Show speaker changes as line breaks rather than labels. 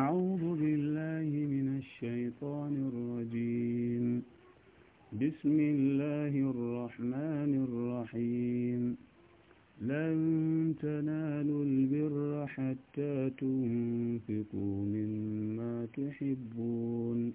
أعوذ بالله من الشيطان الرجيم بسم الله الرحمن الرحيم لن تنالوا البر حتى تنفقوا مما تحبون